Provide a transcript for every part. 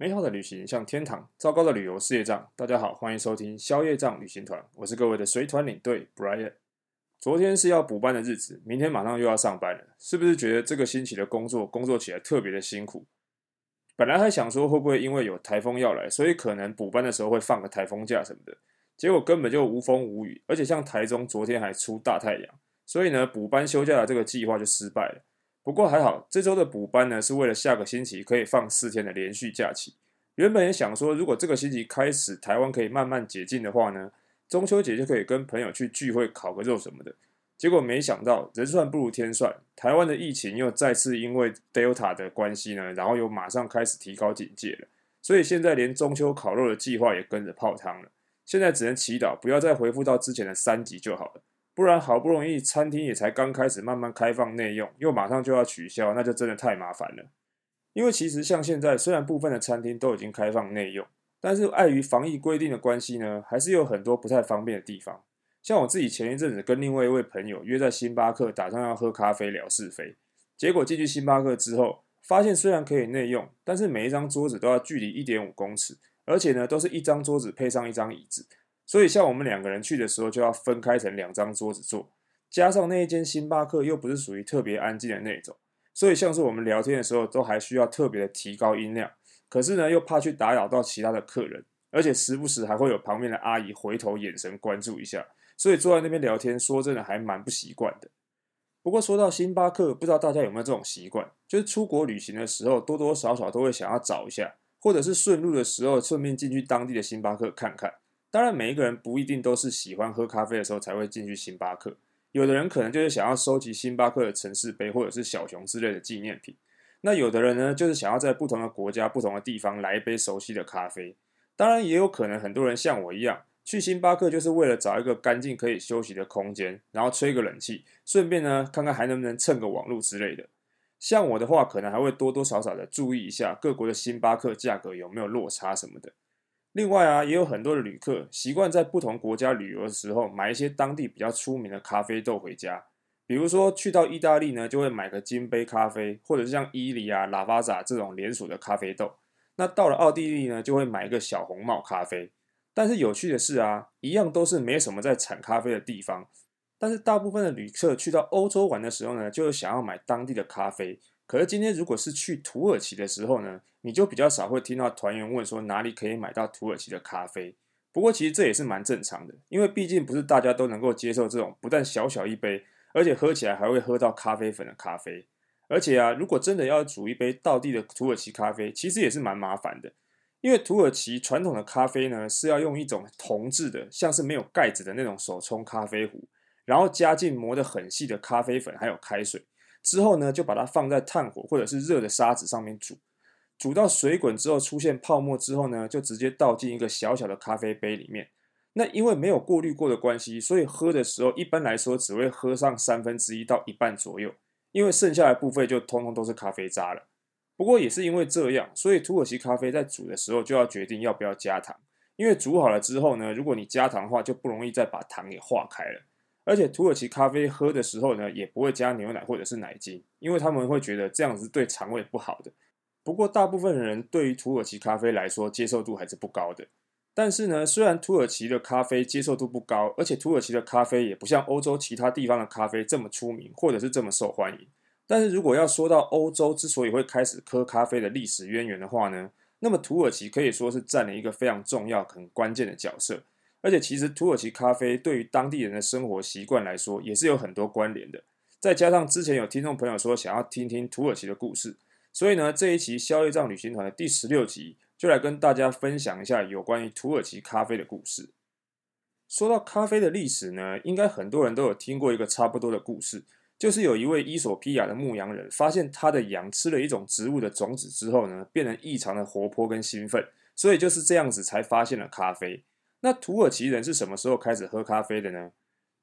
美好的旅行像天堂，糟糕的旅遊是業障。大家好，歡迎收聽消業障旅行團，我是各位的隨團領隊 Bryan。昨天是要補班的日子，明天馬上又要上班了，是不是覺得這個星期的工作工作起來特別的辛苦？本來還想說會不會因為有颱風要來，所以可能補班的時候會放個颱風假什麼的，結果根本就無風無雨，而且像台中昨天還出大太陽，所以呢補班休假的這個計劃就失敗了。不過還好，這周的補班呢，是為了下個星期可以放四天的連續假期。原本也想說，如果這個星期開始台灣可以慢慢解禁的話呢，中秋節就可以跟朋友去聚會烤個肉什麼的。結果沒想到人算不如天算，台灣的疫情又再次因為 Delta 的關係呢，然後又馬上開始提高警戒了。所以現在連中秋烤肉的計劃也跟着泡湯了。現在只能祈禱不要再回復到之前的三級就好了。不然好不容易餐廳也才剛開始慢慢開放內用，又馬上就要取消，那就真的太麻煩了。因為其實像現在，雖然部分的餐廳都已經開放內用，但是礙於防疫規定的關係呢，還是有很多不太方便的地方。像我自己前一陣子跟另外一位朋友約在星巴克，打算要喝咖啡聊是非，結果進去星巴克之後，發現雖然可以內用，但是每一張桌子都要距離一點五公尺，而且呢，都是一張桌子配上一張椅子。所以，像我們兩個人去的時候，就要分開成兩張桌子坐，加上那一間星巴克又不是屬於特別安靜的那種，所以像是我們聊天的時候，都還需要特別的提高音量。可是呢，又怕去打擾到其他的客人，而且時不時還會有旁邊的阿姨回頭眼神關注一下，所以坐在那邊聊天，說真的還蠻不習慣的。不過說到星巴克，不知道大家有沒有這種習慣，就是出國旅行的時候，多多少少都會想要找一下，或者是順路的時候，順便進去當地的星巴克看看。當然，每一個人不一定都是喜歡喝咖啡的時候才會進去星巴克。有的人可能就是想要收集星巴克的城市杯，或者是小熊之類的紀念品。那有的人呢，就是想要在不同的國家、不同的地方來一杯熟悉的咖啡。當然，也有可能很多人像我一樣去星巴克，就是為了找一個乾淨可以休息的空間，然後吹個冷氣，順便呢，看看還能不能蹭個網絡之類的。像我的話，可能還會多多少少的注意一下各國的星巴克價格有沒有落差什麼的。另外啊，也有很多的旅客習慣在不同國家旅遊的時候，買一些當地比較出名的咖啡豆回家。比如說去到意大利呢，就會買個金杯咖啡，或者是像伊利啊、拉瓦薩這種連鎖的咖啡豆。那到了奧地利呢，就會買一個小紅帽咖啡。但是有趣的是啊，一樣都是沒什麼在產咖啡的地方，但是大部分的旅客去到歐洲玩的時候呢，就是想要買當地的咖啡。可是今天如果是去土耳其的時候呢？你就比較少會聽到團員問說哪裡可以買到土耳其的咖啡。不過其實這也是蠻正常的，因為畢竟不是大家都能夠接受這種不但小小一杯，而且喝起來還會喝到咖啡粉的咖啡。而且啊，如果真的要煮一杯道地的土耳其咖啡，其實也是蠻麻煩的，因為土耳其傳統的咖啡呢，是要用一種銅制的，像是沒有蓋子的那種手沖咖啡壺，然後加進磨得很細的咖啡粉還有開水，之後呢就把它放在炭火或者是熱的沙子上面煮。煮到水滾之後，出現泡沫之後呢，就直接倒進一個小小的咖啡杯裡面。那因為沒有過濾過的關係，所以喝的時候一般來說只會喝上三分之一到一半左右，因為剩下的部分就通通都是咖啡渣了。不過也是因為這樣，所以土耳其咖啡在煮的時候就要決定要不要加糖，因為煮好了之後呢，如果你加糖的話，就不容易再把糖給化開了。而且土耳其咖啡喝的時候呢，也不會加牛奶或者是奶精，因為他們會覺得這樣子對腸胃不好的。不過，大部分人對於土耳其咖啡來說接受度還是不高的。但是呢，雖然土耳其的咖啡接受度不高，而且土耳其的咖啡也不像歐洲其他地方的咖啡這麼出名，或者是這麼受歡迎。但是如果要說到歐洲之所以會開始喝咖啡的歷史淵源的話呢，那麼土耳其可以說是佔了一個非常重要、很關鍵的角色。而且，其實土耳其咖啡對於當地人的生活習慣來說也是有很多關聯的。再加上之前有聽眾朋友說想要聽聽土耳其的故事。所以呢，這一期《消業障旅行團》的第十六集，就來跟大家分享一下有關於土耳其咖啡的故事。說到咖啡的歷史呢，應該很多人都有聽過一個差不多的故事，就是有一位衣索比亞的牧羊人，發現他的羊吃了一種植物的種子之後呢，變成異常的活潑跟興奮，所以就是這樣子才發現了咖啡。那土耳其人是什麼時候開始喝咖啡的呢？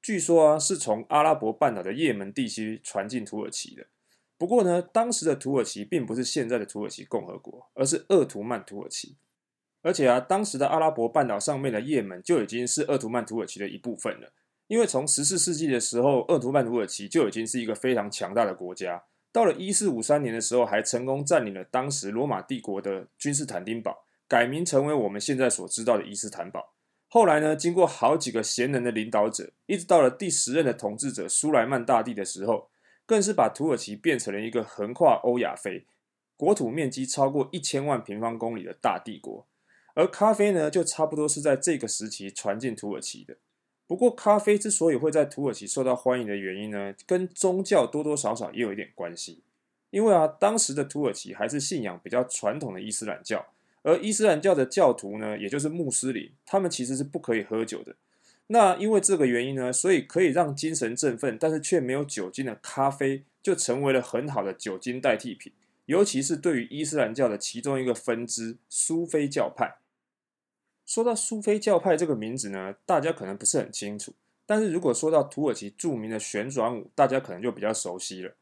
據說啊，是從阿拉伯半島的葉門地區傳進土耳其的。不過呢，當時的土耳其並不是現在的土耳其共和國，而是鄂圖曼土耳其。而且啊，當時的阿拉伯半島上面的葉門就已經是鄂圖曼土耳其的一部分了。因為從十四世紀的時候，鄂圖曼土耳其就已經是一個非常強大的國家。到了一四五三年的時候，還成功占領了當時羅馬帝國的君士坦丁堡，改名成為我們現在所知道的伊斯坦堡。後來呢，經過好幾個賢能的領導者，一直到了第十任的統治者蘇萊曼大帝的時候。更是把土耳其變成了一個橫跨歐亞非、國土面積超過一千萬平方公里的大帝國。而咖啡呢，就差不多是在這個時期傳進土耳其的。不過，咖啡之所以會在土耳其受到歡迎的原因呢，跟宗教多多少少也有一點關係。因為啊，當時的土耳其還是信仰比較傳統的伊斯蘭教，而伊斯蘭教的教徒呢，也就是穆斯林，他們其實是不可以喝酒的。那因為這個原因呢，所以可以讓精神振奮，但是卻沒有酒精的咖啡，就成為了很好的酒精代替品。尤其是對於伊斯蘭教的其中一個分支蘇菲教派，說到蘇菲教派這個名字呢，大家可能不是很清楚，但是如果說到土耳其著名的旋轉舞，大家可能就比較熟悉了。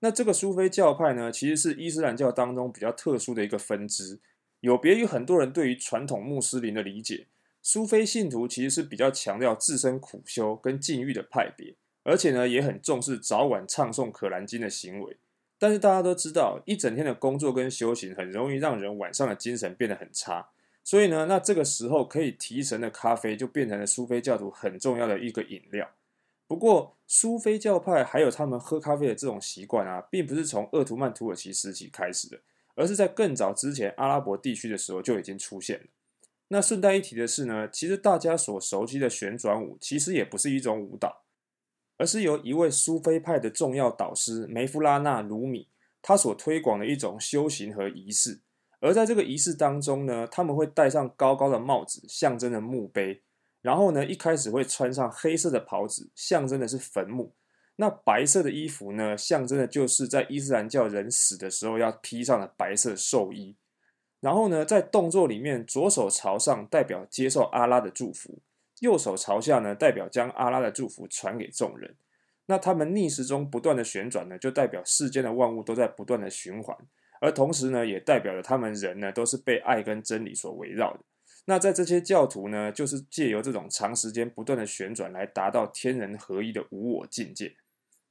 那這個蘇菲教派呢，其實是伊斯蘭教當中比較特殊的一個分支，有別於很多人對於傳統穆斯林的理解。蘇菲信徒其實是比較強調自身苦修跟禁慾的派別，而且呢也很重視早晚唱誦可蘭經的行為。但是大家都知道，一整天的工作跟修行很容易讓人晚上的精神變得很差，所以呢，那這個時候可以提神的咖啡就變成了蘇菲教徒很重要的一個飲料。不過，蘇菲教派還有他們喝咖啡的這種習慣啊，並不是從鄂圖曼土耳其時期開始的，而是在更早之前阿拉伯地區的時候就已經出現了。那順帶一提的是呢，其實大家所熟悉的旋轉舞其實也不是一種舞蹈，而是由一位蘇菲派的重要導師梅夫拉納魯米他所推廣的一種修行和儀式。而在這個儀式當中呢，他們會戴上高高的帽子，象徵着墓碑；然後呢，一開始會穿上黑色的袍子，象徵的是墳墓。那白色的衣服呢，象徵的就是在伊斯蘭教人死的時候要披上的白色壽衣。然後呢，在動作裡面，左手朝上代表接受阿拉的祝福，右手朝下呢代表將阿拉的祝福傳給眾人。那他們逆時鐘不斷的旋轉呢，就代表世間的萬物都在不斷的循環，而同時呢，也代表了他們人呢都是被愛跟真理所圍繞的。那在這些教徒呢，就是借由這種長時間不斷的旋轉來達到天人合一的無我境界。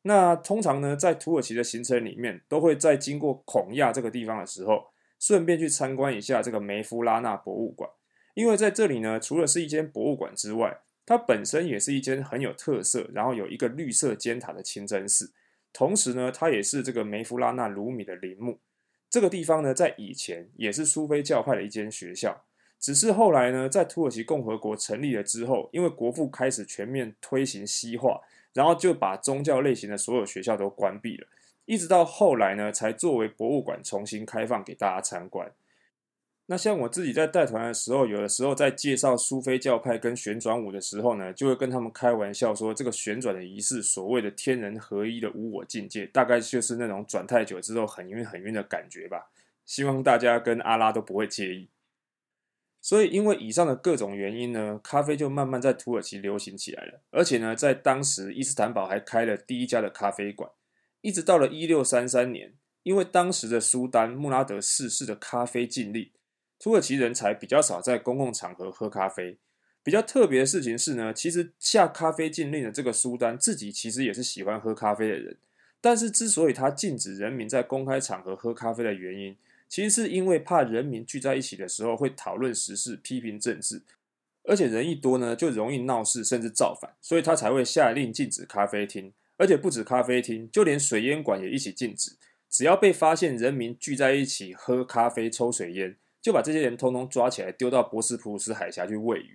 那通常呢，在土耳其的行程裡面，都會在經過孔亞這個地方的時候。順便去參觀一下這個梅夫拉納博物館，因為在這裡呢，除了是一間博物館之外，它本身也是一間很有特色，然後有一個綠色尖塔的清真寺。同時呢，它也是這個梅夫拉納魯米的陵墓。這個地方呢，在以前也是蘇菲教派的一間學校，只是後來呢，在土耳其共和國成立了之後，因為國父開始全面推行西化，然後就把宗教類型的所有學校都關閉了。一直到後來呢，才作為博物館重新開放給大家參觀。那像我自己在帶團的時候，有的時候在介紹蘇菲教派跟旋轉舞的時候呢，就會跟他們開玩笑說，這個旋轉的儀式，所謂的天人合一的無我境界，大概就是那種轉太久之後很暈很暈的感覺吧。希望大家跟阿拉都不會介意。所以因為以上的各種原因呢，咖啡就慢慢在土耳其流行起來了。而且呢，在當時伊斯坦堡還開了第一家的咖啡館。一直到了一六三三年，因為當時的蘇丹穆拉德四世的咖啡禁令，土耳其人才比較少在公共場合喝咖啡。比較特別的事情是呢，其實下咖啡禁令的這個蘇丹自己其實也是喜歡喝咖啡的人。但是之所以他禁止人民在公開場合喝咖啡的原因，其實是因為怕人民聚在一起的時候會討論時事、批評政治，而且人一多呢就容易鬧事甚至造反，所以他才會下令禁止咖啡廳。而且不止咖啡廳，就連水煙館也一起禁止。只要被發現人民聚在一起喝咖啡、抽水煙，就把這些人通通抓起來，丟到博斯普魯斯海峽去餵魚。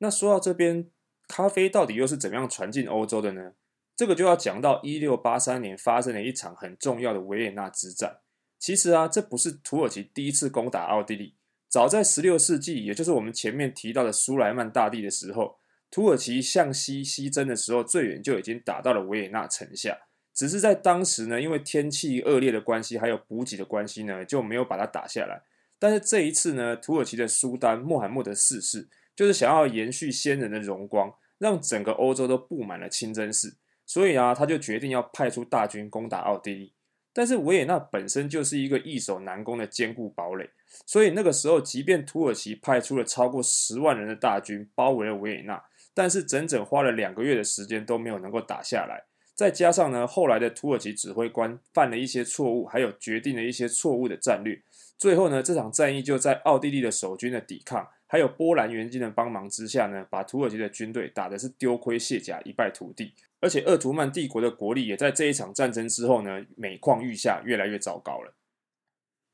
那說到這邊，咖啡到底又是怎樣傳進歐洲的呢？這個就要講到一六八三年發生了一場很重要的維也納之戰。其實啊，這不是土耳其第一次攻打奧地利，早在十六世紀，也就是我們前面提到的蘇萊曼大帝的時候。土耳其向西西征的時候，最遠就已經打到了維也納城下，只是在當時呢，因為天氣惡劣的關係，還有補給的關係呢，就沒有把它打下來。但是這一次呢，土耳其的蘇丹穆罕默德四世就是想要延續先人的榮光，讓整個歐洲都布滿了清真寺，所以啊，他就決定要派出大軍攻打奧地利。但是維也納本身就是一個易守難攻的堅固堡壘，所以那個時候，即便土耳其派出了超過十萬人的大軍包圍了維也納。但是整整花了兩個月的時間都沒有能夠打下來，再加上呢，後來的土耳其指揮官犯了一些錯誤，還有決定了一些錯誤的戰略，最後呢，這場戰役就在奧地利的守軍的抵抗，還有波蘭援軍的幫忙之下呢，把土耳其的軍隊打得是丟盔卸甲，一敗塗地。而且鄂圖曼帝國的國力也在這一場戰爭之後呢，每況愈下，越來越糟糕了。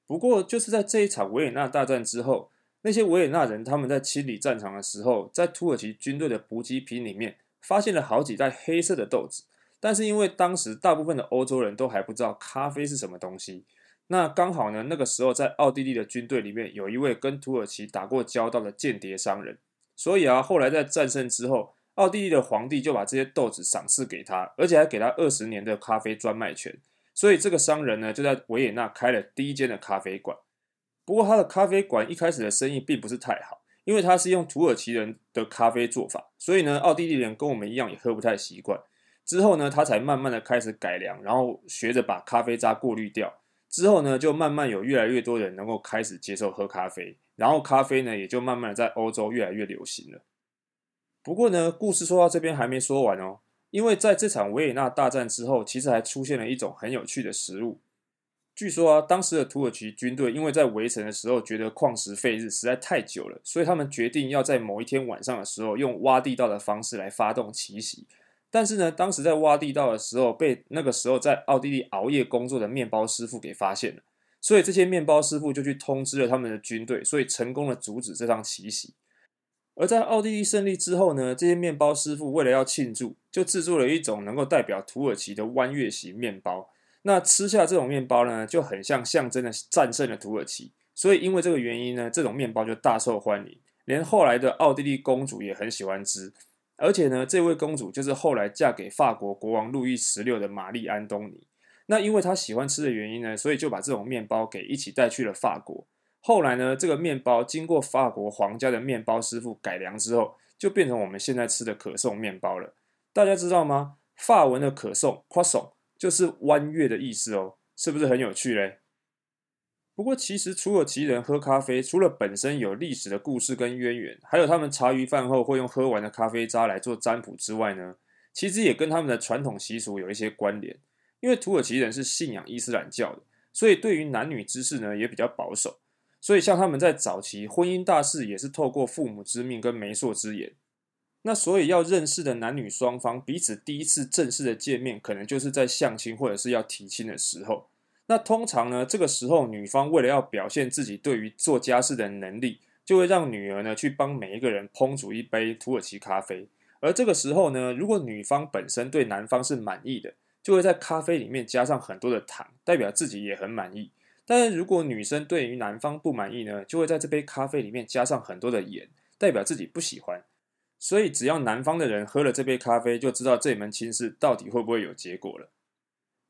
不過就是在這一場維也納大戰之後。那些維也納人，他們在清理戰場的時候，在土耳其軍隊的補給品裡面發現了好幾袋黑色的豆子，但是因為當時大部分的歐洲人都還不知道咖啡是什麼東西，那剛好呢，那個時候在奧地利的軍隊裡面有一位跟土耳其打過交道的間諜商人，所以啊，後來在戰勝之後，奧地利的皇帝就把這些豆子賞賜給他，而且還給他二十年的咖啡專賣權，所以這個商人呢，就在維也納開了第一間的咖啡館。不過他的咖啡館一開始的生意並不是太好，因為他是用土耳其人的咖啡做法，所以呢，奧地利人跟我們一樣也喝不太習慣。之後呢，他才慢慢的開始改良，然後學着把咖啡渣過濾掉。之後呢，就慢慢有越來越多人能夠開始接受喝咖啡，然後咖啡呢，也就慢慢的在歐洲越來越流行了。不過呢，故事說到這邊還沒說完哦，因為在這場維也納大戰之後，其實還出現了一種很有趣的食物。據說啊，當時的土耳其軍隊因為在圍城的時候覺得曠時廢日實在太久了，所以他們決定要在某一天晚上的時候用挖地道的方式來發動奇襲。但是呢，當時在挖地道的時候被那個時候在奧地利熬夜工作的麵包師傅給發現了，所以這些麵包師傅就去通知了他們的軍隊，所以成功的阻止這場奇襲。而在奧地利勝利之後呢，這些麵包師傅為了要慶祝，就製作了一種能夠代表土耳其的彎月形麵包。那吃下這種麵包呢，就很像象徵的戰勝了土耳其，所以因為這個原因呢，這種麵包就大受歡迎，連後來的奧地利公主也很喜歡吃。而且呢，這位公主就是後來嫁給法國國王路易十六的瑪麗安東尼。那因為她喜歡吃的原因呢，所以就把這種麵包給一起帶去了法國。後來呢，這個麵包經過法國皇家的麵包師傅改良之後，就變成我們現在吃的可頌麵包了。大家知道嗎？法文的可頌 （Croissant）。Croissant, 就是彎月的意思哦，是不是很有趣嘞？不過其實土耳其人喝咖啡，除了本身有歷史的故事跟淵源，還有他們茶餘飯後會用喝完的咖啡渣來做占卜之外呢，其實也跟他們的傳統習俗有一些關聯。因為土耳其人是信仰伊斯蘭教的，所以對於男女之事呢也比較保守。所以像他們在早期婚姻大事也是透過父母之命跟媒妁之言。那所以要認識的男女雙方彼此第一次正式的見面，可能就是在相親或者是要提親的時候。那通常呢，這個時候女方為了要表現自己對於做家事的能力，就會讓女兒呢去幫每一個人烹煮一杯土耳其咖啡。而這個時候呢，如果女方本身對男方是滿意的，就會在咖啡裡面加上很多的糖，代表自己也很滿意。但是如果女生對於男方不滿意呢，就會在這杯咖啡裡面加上很多的鹽，代表自己不喜歡。所以，只要男方的人喝了這杯咖啡，就知道這門親事到底會不會有結果了。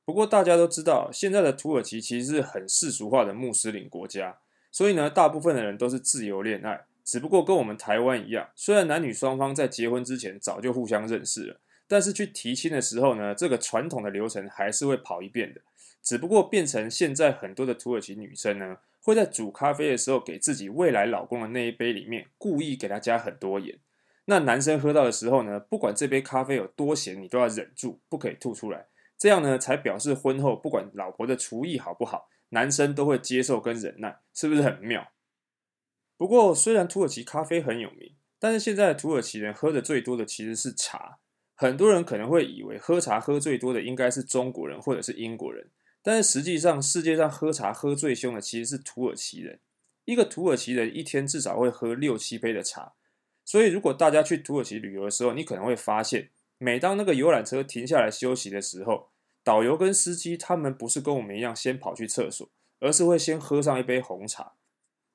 不過，大家都知道，現在的土耳其其實是很世俗化的穆斯林國家，所以呢，大部分的人都是自由戀愛。只不過跟我們台灣一樣，雖然男女雙方在結婚之前早就互相認識了，但是去提親的時候呢，這個傳統的流程還是會跑一遍的。只不過，變成現在很多的土耳其女生呢，會在煮咖啡的時候，給自己未來老公的那一杯裡面故意給他加很多鹽。那男生喝到的時候呢，不管這杯咖啡有多鹹，你都要忍住，不可以吐出來。這樣呢，才表示婚後不管老婆的廚藝好不好，男生都會接受跟忍耐，是不是很妙？不過，雖然土耳其咖啡很有名，但是現在的土耳其人喝的最多的其實是茶。很多人可能會以為喝茶喝最多的應該是中國人或者是英國人，但是實際上，世界上喝茶喝最凶的其實是土耳其人。一個土耳其人一天至少會喝六七杯的茶。所以，如果大家去土耳其旅遊的時候，你可能會發現，每當那個遊覽車停下來休息的時候，導遊跟司機他們不是跟我們一樣先跑去廁所，而是會先喝上一杯紅茶。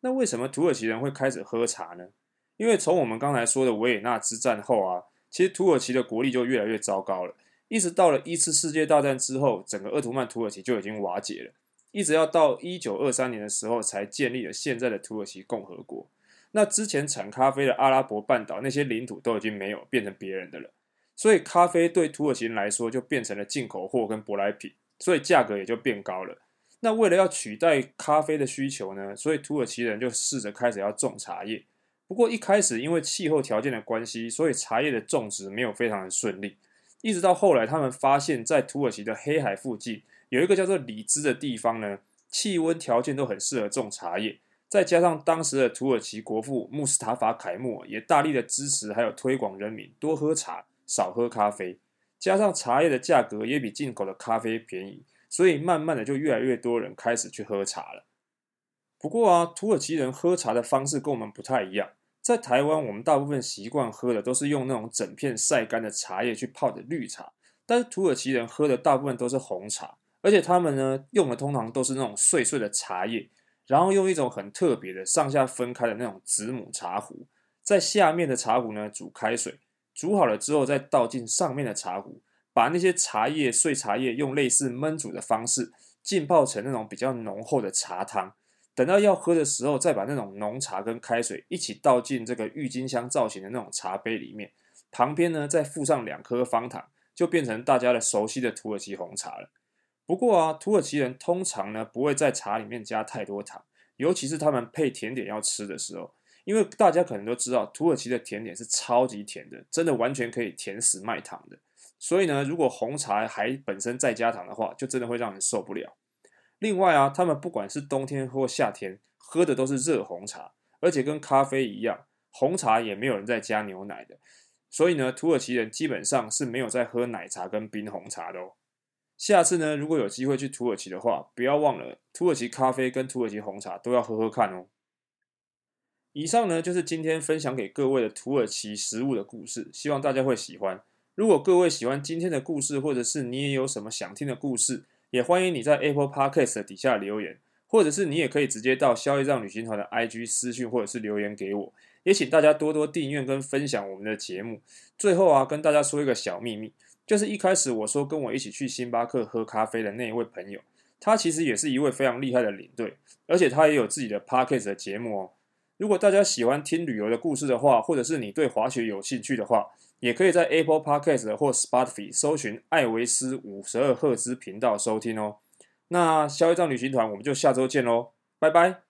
那為什麼土耳其人會開始喝茶呢？因為從我們剛才說的維也納之戰後啊，其實土耳其的國力就越來越糟糕了，一直到了一次世界大戰之後，整個鄂圖曼土耳其就已經瓦解了，一直要到一九二三年的時候才建立了現在的土耳其共和國。那之前產咖啡的阿拉伯半島，那些領土都已經沒有變成別人的了，所以咖啡對土耳其人來說就變成了進口貨跟舶來品，所以價格也就變高了。那為了要取代咖啡的需求呢，所以土耳其人就試着開始要種茶葉。不過一開始因為氣候條件的關係，所以茶葉的種植沒有非常的順利。一直到後來他們發現，在土耳其的黑海附近有一個叫做里茲的地方呢，氣溫條件都很適合種茶葉。再加上當時的土耳其國父穆斯塔法凱末也大力的支持，還有推廣人民多喝茶少喝咖啡，加上茶葉的價格也比進口的咖啡便宜，所以慢慢的就越來越多人開始去喝茶了。不過啊，土耳其人喝茶的方式跟我們不太一樣，在台灣我們大部分習慣喝的都是用那種整片曬乾的茶葉去泡的綠茶，但是土耳其人喝的大部分都是紅茶，而且他們呢用的通常都是那種碎碎的茶葉。然後用一種很特別的上下分開的那種子母茶壺，在下面的茶壺呢煮開水，煮好了之後再倒進上面的茶壺，把那些茶葉碎茶葉用類似燜煮的方式浸泡成那種比較濃厚的茶湯。等到要喝的時候，再把那種濃茶跟開水一起倒進這個鬱金香造型的那種茶杯裡面，旁邊呢再附上兩顆方糖，就變成大家的熟悉的土耳其紅茶了。不過啊，土耳其人通常呢不會在茶裡面加太多糖，尤其是他們配甜點要吃的時候，因為大家可能都知道，土耳其的甜點是超級甜的，真的完全可以甜死賣糖的。所以呢，如果紅茶還本身再加糖的話，就真的會讓人受不了。另外啊，他們不管是冬天或夏天喝的都是熱紅茶，而且跟咖啡一樣，紅茶也沒有人在加牛奶的。所以呢，土耳其人基本上是沒有在喝奶茶跟冰紅茶的哦。下次呢，如果有機會去土耳其的話，不要忘了土耳其咖啡跟土耳其紅茶都要喝喝看哦。以上呢就是今天分享給各位的土耳其食物的故事，希望大家會喜歡。如果各位喜歡今天的故事，或者是你也有什麼想聽的故事，也歡迎你在 Apple Podcast 底下留言，或者是你也可以直接到消業障旅行團的 IG 私訊，或者是留言給我。也請大家多多訂閱跟分享我們的節目。最後啊，跟大家說一個小祕密。就是一開始我說跟我一起去星巴克喝咖啡的那一位朋友，他其實也是一位非常厲害的領隊，而且他也有自己的 podcast 的節目哦。如果大家喜歡聽旅遊的故事的話，或者是你對滑雪有興趣的話，也可以在 Apple Podcast 或 Spotify 搜尋艾維斯五十二赫茲頻道收聽哦。那消業障旅行團，我們就下周見嘍，拜拜。